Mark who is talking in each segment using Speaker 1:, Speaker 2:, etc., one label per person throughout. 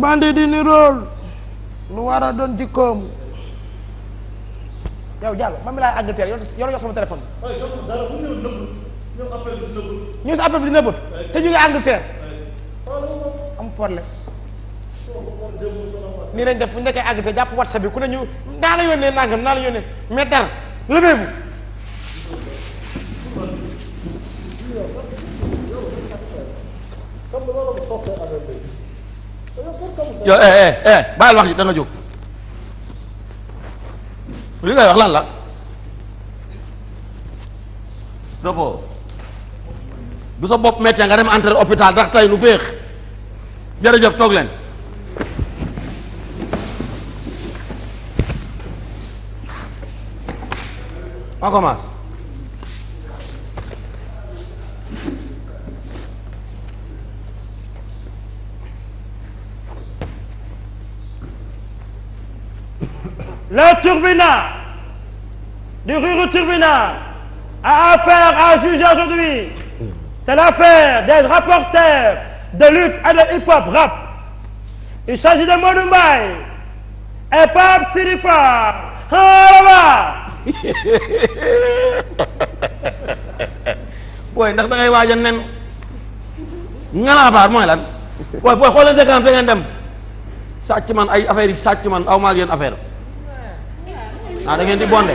Speaker 1: bandi di nirool lu war a jikkoom yow jàll man mi laay Angleterre yor yor sama téléphone
Speaker 2: ñu si appel bi di nëbbut te ñu ngi Angleterre am problème nii lañ def bu ñu nekkee Angleterre jàpp WhatsApp bi ku ne ñu naa la yónnee naa la yónnee mais dara levez-vous yow eh, eh eh bàyyil wax la da nga jóg li la dopo bu sa bopp méttee nga dem entrer hôpital ndax tey lu féex jërëjëf toog leen on commence Le tribunal du Ruru Tribunal a affaire à juger aujourd'hui. C'est l'affaire des rapporteurs de lutte et de hip rap. Il s'agit de Modou et Pape Sidi Fall. Oh booy ndax da ngay waaj a nen. ngalaabaar mooy lan. booy booy xool leen séquence bi ngeen dem. man ay affaire yi sàcc man aw maa ngi affaire. ah da ngeen di bondé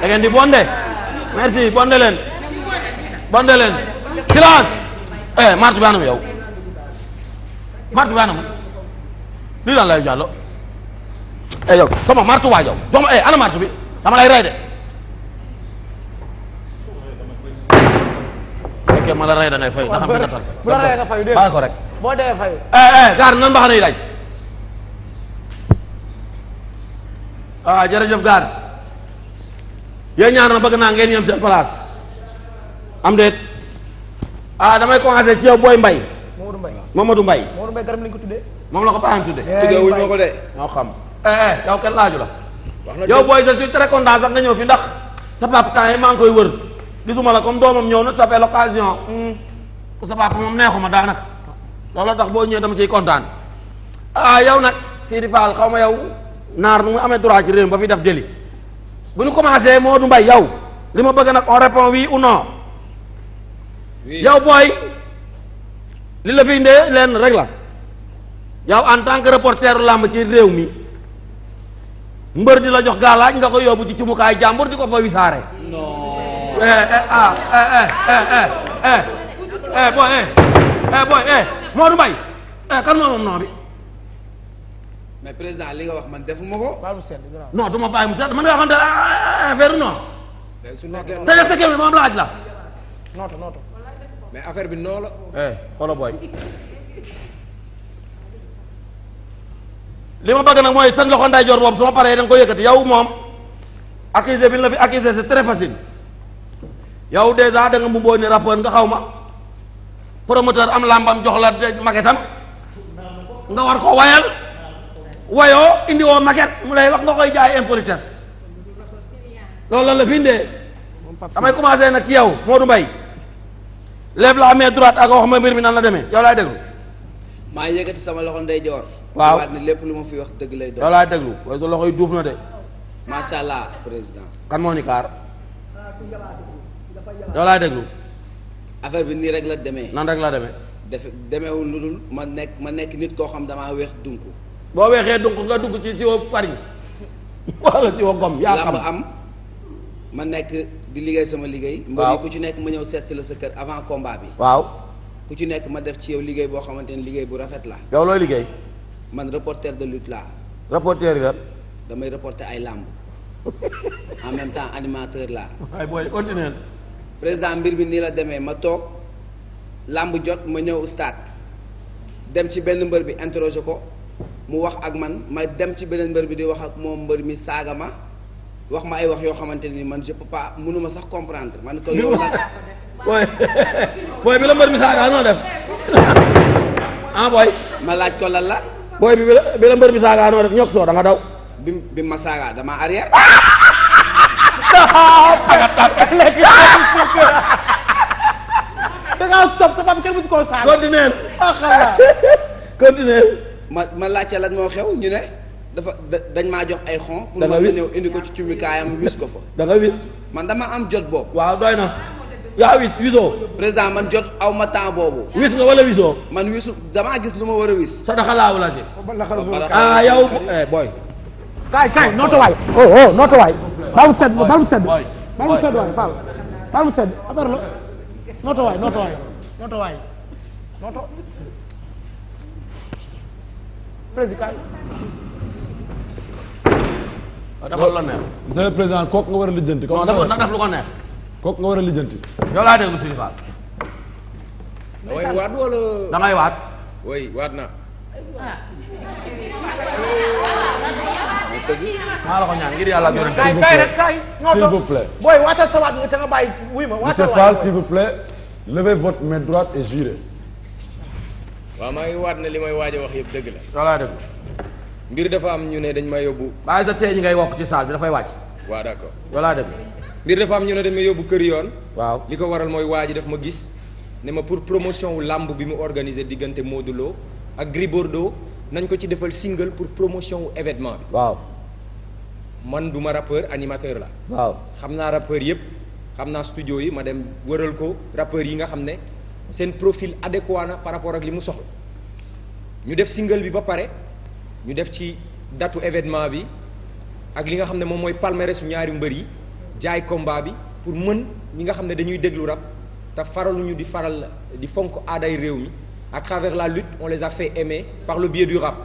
Speaker 2: da ngeen di bondé merci bondé leen bondé leen silence eh martu baanam yow martu baanam lii daan lay jàllo eh yow yow jox ma eh ana martu bi dama lay rey de fekkee ma la rey da ngay fayu ko rek boo dee fayu eh eh yéen ñaar na bëgg naa ngeen yem seen place am déet ah damay commencé ci yow booy mbay Mamadou Mbaye
Speaker 1: Mamadou Mbaye Mamadou ko tuddee
Speaker 2: moom la ko baayam tuddee tuddee wuñ ma ko de ñoo xam eh, eh yow kenn laaju la yow booy je suis très content sax nga ñëw fi ndax sa papa temps yi maa ngi koy wër gisuma la comme doomam ñëw na ça fait l'occasion hmm. sa papa moom neexuma daanaka la tax boo ñëwee dama ciy kontaan ah yow nag Sidi Fall xaw ma yow naar nu mu ame droit ci ba fi def délit bu ñu commencé Modou Mbaye yow li ma bëgg nag on répond oui ou non. booy li la fi indee leen rek la en tant que reporter làmb ci réew mi mbër di la jox gaalaaj nga ko yóbbu ci cumukaay jàmbur di ko fa wisaare. non. eh eh ah eh eh eh eh, eh, eh booy eh eh booy eh Modou eh, kan moo moom noo
Speaker 3: mais président li nga wax man defuma ko.
Speaker 2: non du ma bàyyi mu sedd man nga waxante
Speaker 4: su nekkee noonu tey sa affaire bi noonu la.
Speaker 2: Eh, xoolal booy. li ma bëgg nag mooy seen loxo ndeyjoor boobu su ma paree da ko koy yëkkati yow moom. accusé bi la fi accusé c'est très facile. yow dèjà da ni rapport nga xaw ma. promoteur am làmbam jox la maquette am nga war ko wayal. wayoo indiwoo woo mu lay wax nga koy jaay impolitesse loolu lan la fi indee damay commencé nag ci yow Modou Mbaye lève la amee droite ak wax ma mbir mi nan la demee yow laay déglu maa
Speaker 3: yëkkati sama loxo ndeyjoor waaw waat lépp lu ma fi wax dëgg lay doon
Speaker 2: déglu waaye sa loxo yi duuf na de
Speaker 3: macha allah président
Speaker 2: kan moo ni kaar yow laay déglu affaire bi nii rek la demee nan rek la demee
Speaker 3: def demeewul lu dul ma nekk ma nekk nit koo xam damaa weex dunq boo weexee donc nga dugg ci siwo farine wala siwo gom yaa xam am ma nekk di liggéey sama liggéey mbër ku ci nekk ma ñëw seet si la sa kër avant combat bi waaw ku ci nekk ma def ci yow liggéey boo xamante ne liggéey bu rafet la yow looy liggéey man reporter de lutte laa
Speaker 2: reporter yi lan
Speaker 3: damay reporter ay làmb en même temps animateur la
Speaker 2: waaye booy ordinaire
Speaker 3: président mbir bi nii la demee ma toog làmb jot ma ñëw stade dem ci benn mbër bi interroger ko mu wax ak man ma dem ci beneen mbër bi di wax ak moom mbër mi saaga ma wax ma ay wax yoo xamante ni man je peux pas mënuma sax comprendre man ko yow lan booy booy bi la mbër mi saaga noo def ah booy ma laaj ko lan la
Speaker 2: booy bi bi la mbër mi saaga noo def ñok soo da daw
Speaker 3: bi ma saaga dama
Speaker 2: arrière da ngaa sa papa kenn bu si koo saaga continuer ah,
Speaker 3: continuer ma ma laajte lan moo xew ñu ne dafa dañ maa jox ay xon. pour ma ñëw indi ko ci cumikaayam wis ko fa. da nga wis. man dama am jot boobu. waaw doy na. yaa wis wisoo. président man jot aw ma temps boobu. wis nga wala wisoo. man wisu damaa gis lu ma war a wis.
Speaker 2: sa laaw la ci. ah yow. Eh, booy.
Speaker 4: kaay kaay nootu waay.
Speaker 2: oh oh nootu waay. baalu sedd baalu sedd. baalu sedd waay Fall.
Speaker 1: baalu sedd affaire la. nootu waay nootu waay. nootu waay. nootu. président kaay. waaw
Speaker 2: dafa
Speaker 4: lu la neex.
Speaker 5: monsieur le président kooku nga war a lijjanti. non dafa na def lu ko neex. kooku nga war a lijjanti. yow laa déglu
Speaker 4: Serigne Fall. damay waat wala. damay waat. oui waat na. maa la ko ñaan ngir
Speaker 2: yàlla ngir. kay kay rek kay.
Speaker 1: s'il vous plaît booy waatal sa waat nga te nga bàyyi wuy ma. waatal waay monsieur Fall s'il vous
Speaker 5: plaît levez votre main droite et jurez.
Speaker 4: waaw maa ngi waat ne li may waaja wax yëpp dëgg la. voilà dëgg. mbir dafa am ñu ne dañ may yóbbu. bàyyi sa tee ñi ngay wokk ci saal bi dafay wàcc. waa d' accord. voilà dëgg. mbir dafa am ñu ne dañ ma yóbbu kër yoon. waaw li ko waral mooy waaj ji daf ma gis ne ma pour promotion wu làmb bi mu organisé diggante Modou Lo ak Gris Bordeaux nañ ko ci defal single pour promotion wu événement bi. waaw. man du ma rappeur animateur la. waaw xam naa rappeur yëpp xam naa studio yi ma dem wëral ko rappeur yi nga xam ne. seen profil adéquat na par rapport ak li mu soxla ñu def single bi ba pare ñu def ci datu événement bi ak li nga xam ne moom mooy palmarès su ñaari mbër yi jaay combat bi pour mën ñi nga xam ne dañuy déglu rap te faraluñu di faral di fonk aaday réew mi à travers la lutte on les a fait aimer par le biais du rap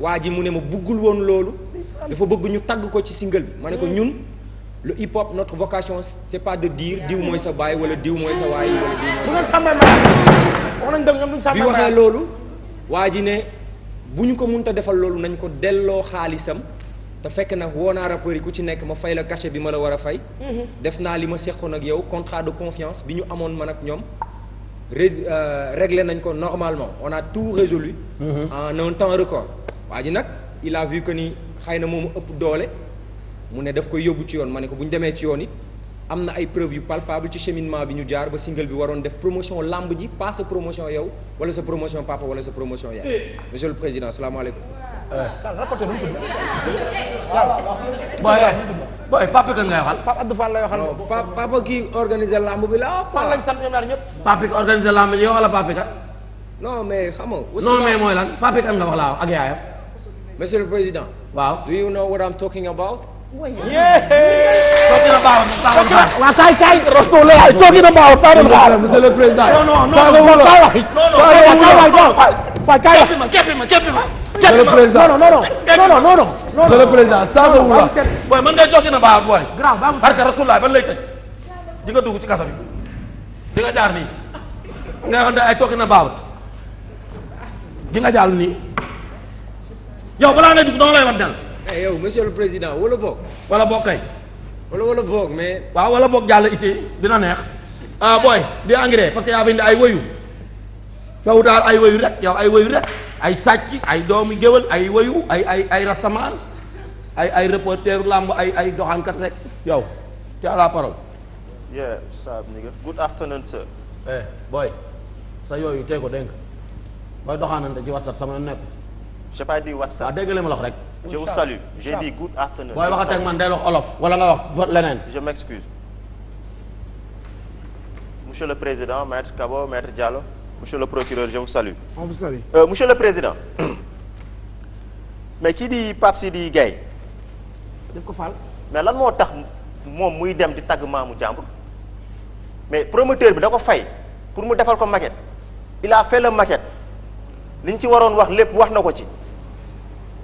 Speaker 4: waa ji mu ne ma buggul woon loolu dafa bëgg ñu tagg ko ci single bi ma ne ko mm. ñun lu hip hop notre vocation c'est pas de dire diw mooy sa baay wala diw mooy sa waay wala
Speaker 2: diw mooy sa baay bi waxee loolu
Speaker 4: waa ji ne bu ñu ko mënta defal loolu nañ ko delloo xaalisam te fekk nag woo naa rappeurs ku ci nekk ma fay la cachet bi ma la war a fay mhm. def naa li ma seqoon nag yow contrat de confiance bi ñu amoon man ak ñoom euh, réglé nañ ko normalement on a tout résolu mhm. en un temps record waa ji nag il a vu que ni xëy na moom ëpp doole mu ne daf koy yóbbu ci yoon ma ne ko bu ñu demee ci yoon it am na ay preuve yu palpable ci cheminement bi ñu jaar ba single bi waroon def promotion làmb ji pas sa promotion yow wala sa promotion papa wala sa promotion yaay eh. monsieur le président salaamaaleykum. Eh. boy Pape kan ngay waxal. Pape Abdou Fall lay làmb bi la wax. Fall lañ sant ñoom ñëpp. Pape organiser làmb ji yow wala Pape kan. non mais xam nga. mais mooy lan Pape kan nga wax laa ak yaayam. monsieur le président. waaw do you know what I'm talking about. cookina baaw taawul xaar waaw kay kay rasulullah cookina baaw
Speaker 2: taawul xaar monsieur le président non non non non non non non non Eh, yow monsieur le président wala boog. wala boog kay. wala wala boog mais. waaw wala boog jàll ici dina neex ah booy di engrais parce que yaa fi indi ay woyu yow daal ay woyu rek yow ay woyu rek ay sàcc ay doomi géwël ay woyu ay ay ay rasamaan ay reporter làmb ay ay doxaankat rek yow tu as la parole.
Speaker 6: yeah Saab nigga good
Speaker 2: afternoon sir. eh booy sa yooyu tey ko dégg booy doxaanante ci WhatsApp sama nekk. je sais pas ah, rek. je vous salue j'ai dit good afternoon. booy waxat
Speaker 6: man day wax olof wala nga wax leneen. je m'excuse monsieur le président maître Kabo maître le procureur je vous salue. on vous euh, le président mais kii di Pape di Gaye. daf mais lan moo tax moom muy dem di tagg maamu jàmbur mais promoteur bi da ko fay pour mu defal ko maquette il a fait la maquette li ñu ci waroon wax lépp wax na ko ci.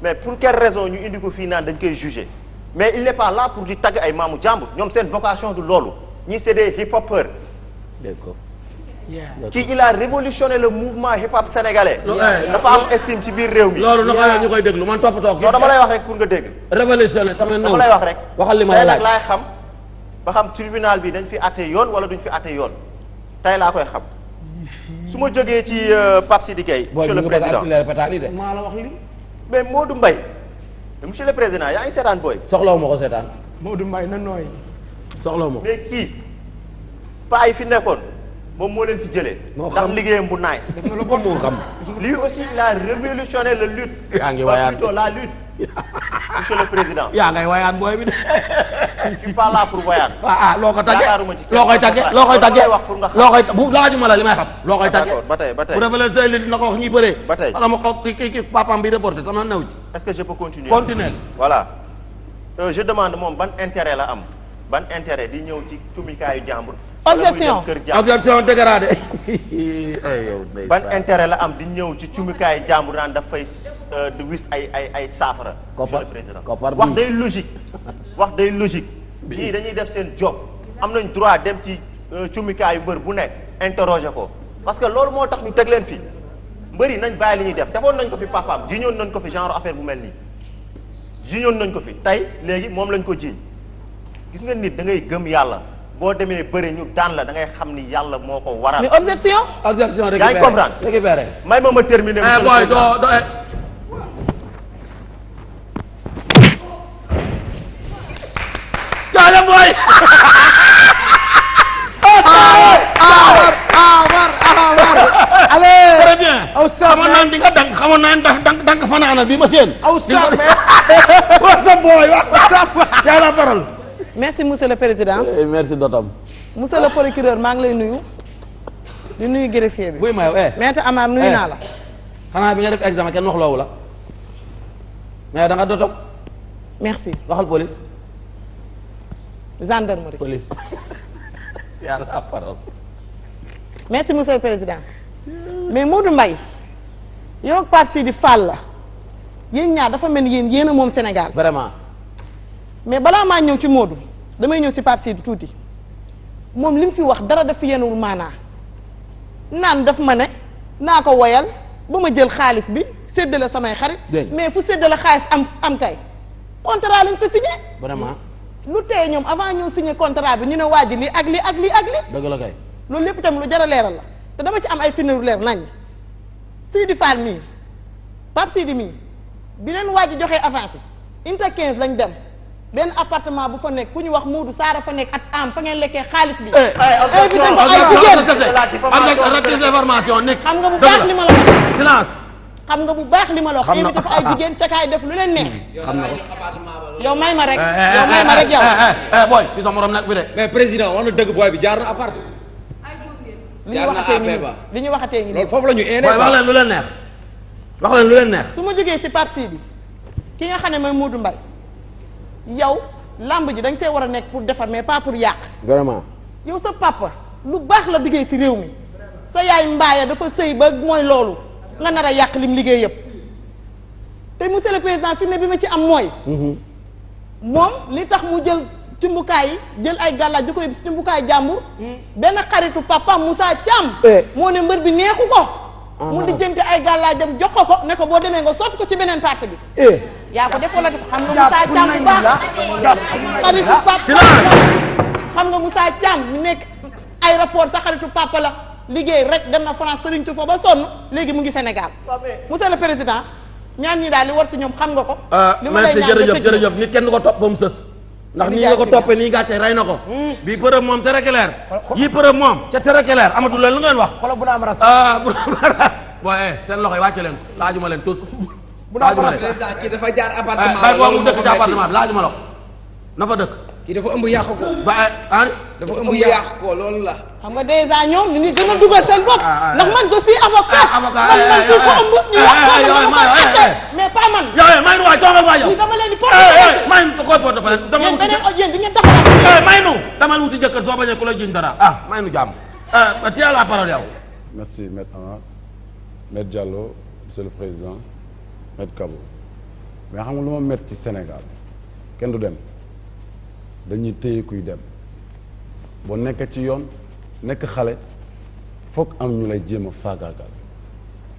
Speaker 6: mais pour quelle raison ñu indi ko fii naan dañ koy juger mais il n'est pas là pour di tagg ay maamu jàmbur ñoom seen vocation du loolu ñi c'est des hip hopeurs.
Speaker 2: d'accord. kii
Speaker 6: il a révolutionné le mouvement hip hop sénégalais. dafa am
Speaker 2: estime ci biir réew mi. loolu noo xam ñu koy déglu man toppatoo ko. non dama lay wax rek pour nga dégg. révolutionné tamit dama lay wax rek. waxal li ma laaj tey nag laay
Speaker 6: xam ba xam tribunal bi dañ fi àtte yoon wala duñ fi àtte yoon tey laa koy xam. su ma jógee ci euh, Pape Sidi Gueye. monsieur le président maa la wax li mais du mbay monsieur le président yaa ngi seetaan booy. soxlawu ma ko seetaan. Modou Mbaye na nooy. soxlawu ma mais kii paa fi nekkoon moom moo leen fi jëlee. moo xam ndax liggéeyam bu naaj. def na lu bon moo xam. lui aussi il a la lutte. yaa ngi waayaat le président. yaa ngay wayaan booy bi de. je suis pas pour wayaan. ah ah loo ko tàggee loo koy tàggee loo koy tàggee loo koy bu
Speaker 2: laajuma la li may xam. loo koy tàggee ba tey ba say li na ko wax ñuy bëree. ba tey xanaa ma ko ki ki ki papaam bi reporté sama new ji. est-ce que je peux continuer. continuer voilà. Euh, je
Speaker 6: demande moom ban intérêt la am ban intérêt di ñëw ci cumikaayu jàmbur. objection
Speaker 2: objection dégradé ban intérêt
Speaker 6: la am di ñëw ci cumikaayu jàmbur naan dafay euh, di wis ay ay ay saafara. monsieur le président wax day logique wax day logique. ñii dañuy def seen job am nañ droit dem ci euh, cumikaayu mbër bu nekk interroger ko parce que loolu moo tax ñu teg leen fii mbëri nañ bàyyi li ñuy def defoon nañ ko fi papaam jiñoon nañ ko fi genre affaire bu mel nii jiñoon nañ ko fi tey léegi moom lañ ko jiiñ gis nga nit da ngay gëm yàlla. boo demee bëri ñu daan la da ngay xam ni yàlla moo ko waral. mais objection.
Speaker 2: objection récupéré yaa ngi comprendre récupéré. may ma ma terminer. eh booy doo doo Kaale eh. booy. allez. très bien. aw sa xamoon naa di nga dank xamoon
Speaker 1: naa dank dank dank fanaana bi ma seen. aw
Speaker 2: sa mais. booy wax sa.
Speaker 1: yaa la parole. merci monsieur le président eh, merci dotam monsieur le procureur maa ngi lay nuyu di nuyu greffier bi buy ma yow eh maître Amar nuyu eh. naa la xanaa bi nga def
Speaker 2: examen kenn wax loowu la mais da nga dotom merci waxal
Speaker 1: président mais Modou Mbaye yow ak Pape Sidi la yéen ñaar dafa mel ni yéen yéen a moom Sénégal vraiment mais balaa maa ñëw ci Modou damay ñëw si Pape Seydou tuuti moom li mu fi wax dara def fi yenul maanaa naan daf ma ne naa ko woyal ba ma jël xaalis bi la samay xarit. mais fu séddale xaalis am am kay contrat lañ fa signé. vraiment. lu tey ñoom avant ñoo signé contrat bi ñu ne waa ji ak lii ak lii ak lii. loolu lépp itam lu jar leeral la te dama ci am ay firnde leer nañ Sidi Fall mii Pape Sidi mii bi leen waa ji joxee avancé inte 15 lañ dem. benn appartement bu fa nekk ku ñu wax Moodu Saara fa nekk at am fa ngeen lekkee xaalis bi. Eh, eh, invité fa ay jigéen
Speaker 2: am nga des informations next xam nga bu baax li ma
Speaker 1: la xam nga bu baax li ma la wax. invité fa ay jigéen ca kaay def lu leen neex. xam na ko yow may ma rek. Eh, yow may ma rek
Speaker 2: yow. booy ci sa morom nag bi de. mais président wax na dëgg booy bi jaar na appartement. jaar na
Speaker 1: li ñu waxatee ngi nii foofu la ñu eenee. booy wax leen lu leen neex.
Speaker 2: wax leen
Speaker 1: su ma jógee si Pape bi ki nga xam ne mooy Moodu mbal yow làmb ji dañ nga see war a nekk pour defar mais pas pour yàq. vraiment. yow sa papa lu baax la liggéey si réew mi sa yaay mbaaya dafa sëy ba mooy loolu nga nar a yàq lim liggéey yëpp te monsieur le président fi bi ma ci am mooy. Mhm. moom li tax mu jël cumbukaay yi jël ay gàllaaj di ko yëpp si cumbukaay jàmbur. Mhm. benn xaritu papa Moussa Thiam. Eh. moo ne mbër bi neexu ko. Ah, mu dijjante ay gàllaajam jox ko ko ne ko boo demee nga sotti ko ci beneen parti bi. Eh. yaa ko def wala def xam nga Moussa Thiam bu baax xaritu papa xam nga Moussa nekk aéroport sa xaritu papa la liggéey rek dem na France sëriñ tu fa ba sonn léegi mu ngi Sénégal monsieur le président ñaan ñi daal li war si ñoom xam nga ko
Speaker 2: euh, li ma lay ñaan jërëjëf jërëjëf nit kenn ko topp ba sës ndax nii nga ko toppee nii gàcce rey na ko hmm. bii përëb moom tere clair yii përëb moom ca tere clair amatul leen lu ngeen wax bu na am ras ah, bu na am seen loxo yi wàcce leen laajuma leen tous bu daal président kii dafa jaar appartement bay eh, eh, boobu dëkk bi laajuma la kii dafa ëmb yàq eh, dafa ëmb yàq
Speaker 1: ko la xam nga dèjà ñoom ñu a dugal mais pas man yow may nu waay toogal waay yow di porte may nu koy porte
Speaker 2: dama wuti beneen jëkkër soo bañee ku la jiñ dara ah may nu jàmm tiens la parole yow
Speaker 5: merci maître Amar maître Diallo monsieur le président met kabo mais xam nga lu ma met ci Sénégal kenn du dem dañuy téye kuy dem boo nekk ci yoon nekk xale foog am ñu lay jéem a faagaagal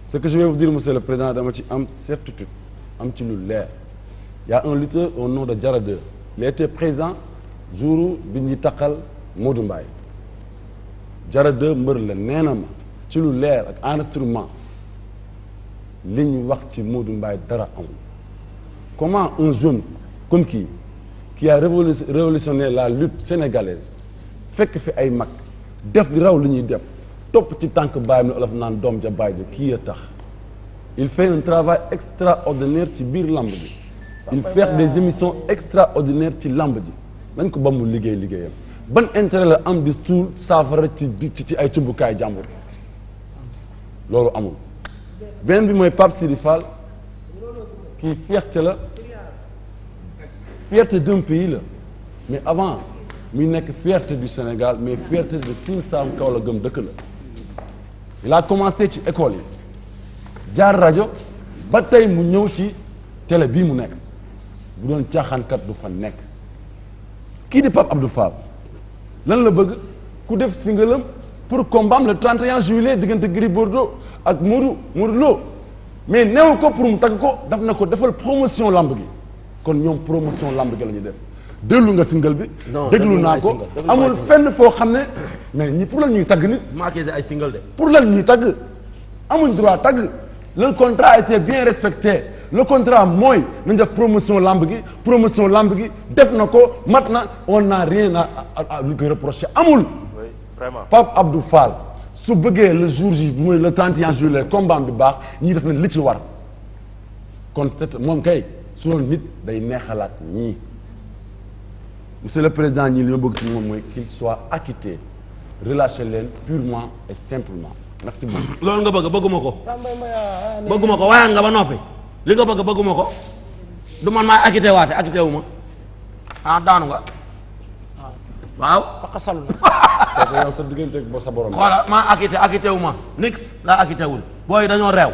Speaker 5: ce que je vais vous dire monsieur le président dama ci am certitude am ci lu leer y a un lutteur au nom de jarade 2 il était présent bi ñuy taqal Modou Mbaye Diarra 2 mbër la nee na ma ci lu leer ak enregistrement li ñu wax ci Modou Mbaye dara amul comment un jeune comme kii qui a révolutionné la lutte sénégalaise fekk fi ay mag def raw li ñuy def topp ci tànk bàyyam ne olof naan doom ja bàyyi ja kii a tax il fait un travail extraordinaire ci biir lamb ji il fait des émissions extraordinaires ci lamb ji nañ ko ba mu liggéey liggéeyam ban intérêt la am di suul saafara ci ci ci ay cumbukaay jàmbur loolu amul benn bi mooy Pape Sidi Fall kii fierté la fierté d'un pays la mais avant muy nekk fierté du Sénégal mais fierté de Sine Saloum Kaolack gëm dëkk la il a commencé ci école yi jaar rajo ba tey mu ñëw ci tele bii mu nekk bu doon caaxaankat du fa nekk kii di Pape Abdou Fall lan la bëgg ku def singalam pour combat le 31 juillet diggante Gris Bordeaux ak Modou Modou Lo mais neewul ko pour mu tagg ko def na ko defal promotion lamb gi kon ñoom promotion lamb gi la ñu def déglu nga single bi. déglu naa ko amul fenn foo xam ne mais ñi pour lan tagg nit.
Speaker 2: marqué ay single de.
Speaker 5: pour lan ñuy tagg amuñ droit tagg le contrat a été bien respecté le contrat mooy nañ def promotion lamb gi promotion lamb gi def na ko mat na on n'a rien à à lu koy reprocher amul. vraiment Pape Abdou Fall. su bëggee le jour ji mooy le 31 juillet combat bi baax ñii def nañ li ci war kon c'est moom kay su doon nit day neexalaat ñii monsieur le président ñii li ma bëgg ci moom mooy qu'il soit acquitté relâché leen
Speaker 2: purement et simplement merci beaucoup. loolu nga bëgg bëgguma ko. bëgguma ko waaye nga ba noppi. li nga bëgg bëgguma ko. du man maa acquitté waate acquitté wu ma ah daanu nga. Ah. waaw. kooku yow sa diggante ak sa borom. voilà maa acquitté acquitté wu ma. nix laa acquitté wul booy yi dañoo réew.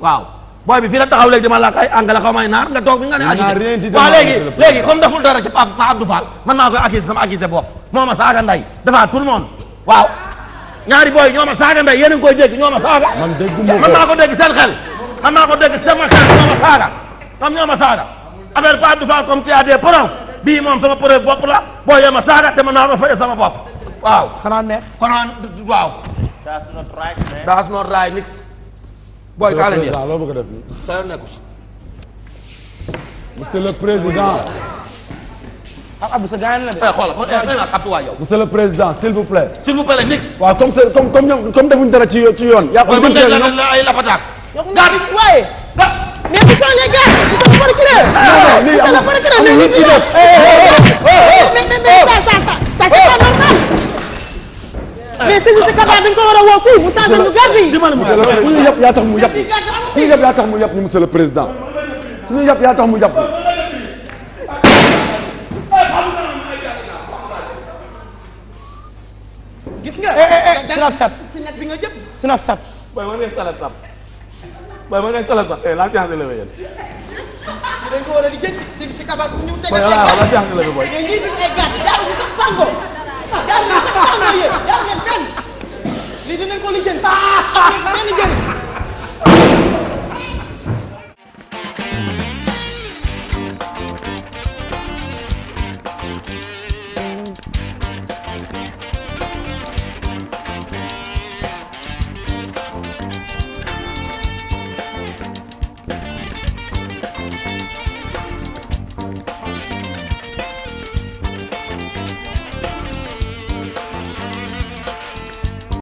Speaker 2: waaw booy bi fii la taxaw léegi dama la ay angale xaw may naar nga toog bi nga ne. acquitté waaw léegi léegi comme dara ci Pape Abdou Fall man maa koy acquitté sama acquitté bopp moo ma saaga nday dafa tout le monde ñaari booy ñoo ma saaga nday yéen a ngi koy dégg ñoo ma saaga. man dégguma ko ko dégg seen xel. ko dégg sama xel ñoo ma saaga. ma saaga affaire Pape Abdou Fall comme tu as des preuves bii moom sama preuve bopp la booy yee ma saaga te mën naa ko fay sama bopp waaw xanaa neex. xanaa waaw. that's not right man. that's not right nix. booy kaa leen yéen loo bëgg a def nii. sa yoon nekku ci.
Speaker 5: monsieur le président.
Speaker 2: ab ab sa gaañ la de. xoolal ab waa yow.
Speaker 5: monsieur le président s'il vous plaît. s'il vous
Speaker 2: plaît nix. waaw
Speaker 5: comme c'est comme comme ñoom comme defuñu dara ci ci yoon. yaa ngi ko jël ñoom ay lapataar.
Speaker 1: gaa bi waaye. gaa mais bu soxla gaa bu soxla procureur. non non lii amul bu soxla procureur mais lii mais mais mais ça ça ça c'est pas normal. mais service de campagne dañ ko war a woo mu changé ñu garde yi. tax mu yàpp ku ñu yàpp yaa mu
Speaker 5: yàpp ñu président ku ñu yàpp tax mu yàpp
Speaker 1: gis nga. Eh, eh, eh, Snapchat si net bi nga jëm. Snapchat. waaye man ngay Snapchat
Speaker 2: waaye man ngay Snapchat la changé la ma yéen.
Speaker 1: dañ di jënd si si kabaar bu ñu teg a
Speaker 2: teg
Speaker 1: benn njëriñ